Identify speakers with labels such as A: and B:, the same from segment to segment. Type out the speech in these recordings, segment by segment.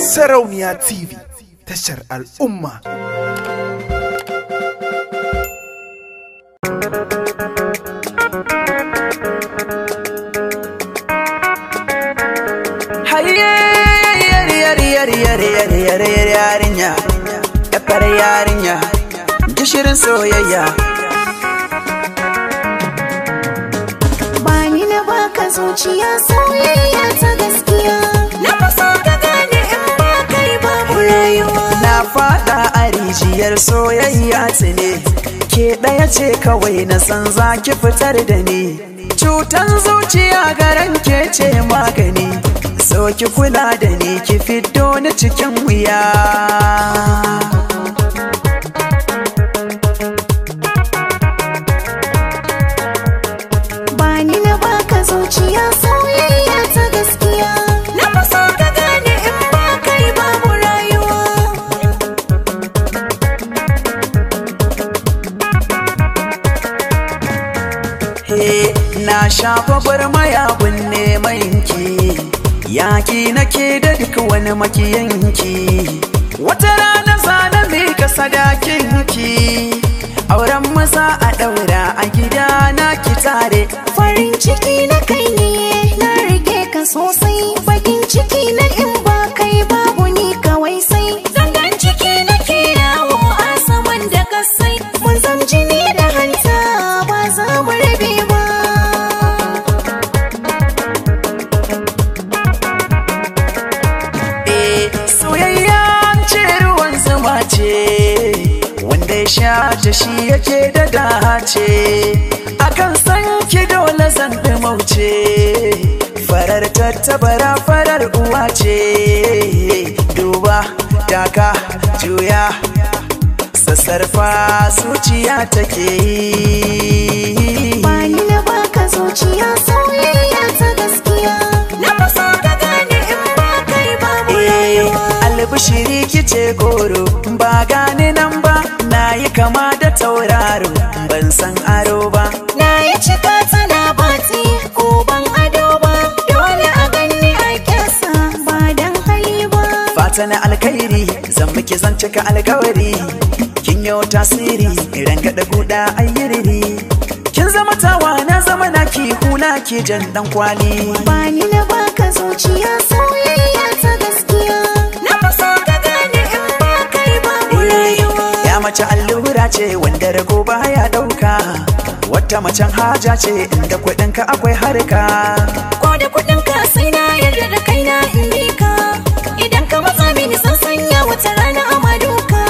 A: Sarauniya TV tashar al'umma. yarinya yafar yarinya soyayya bani na baka zuciya soyayya ta gaske fada a rijiyar soyayya ta ne. ke ɗaya ce kawai na san za ki fitar da ni cutan zuciya garan ke ce magani so ki kula da ni ki fito ni cikin wuya kunne na shafa bar gwarmaya kunne mainki yaki nake da duk wani makiyanki wata rana zana mika sadakinki auren maza a daura a gida na ki tare farin ciki na kai ne na rike ka sosai bakin ciki na in sha ta shi yake da dace akan san ki dole zan mauce farar tattabara farar uwa ce duba daka juya sassarfa zuciya take yi ba na baka zuciya soyayya ta gaskiya na fasa ka gane in ba kai ba mu rayuwa eh, albishiri kice goro san aro ba na yi cika tana bati ko ban ado ba dole a ganni a kyasa ba dan hali ba fata na alkhairi zan miki zan cika alkawari kin yau tasiri idan ka da guda ayyiriri kin zama tawa na zama naki hula ke jan dan kwali ba ni na baka zuciya sa ce wanda rago baya dauka wata macen haja ce inda kuɗin ka akwai harka ko da kuɗinka sai na yarda da kaina in bi ka idan ka matsa mini san sanya wata rana amaduka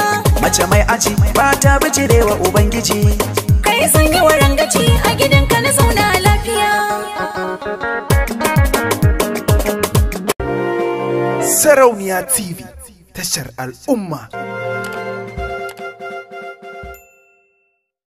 A: mace mai aji ba ta bijirewa ubangiji kai sanyi warangaci a gidanka na zauna lafiya Sarauniya TV tashar al'umma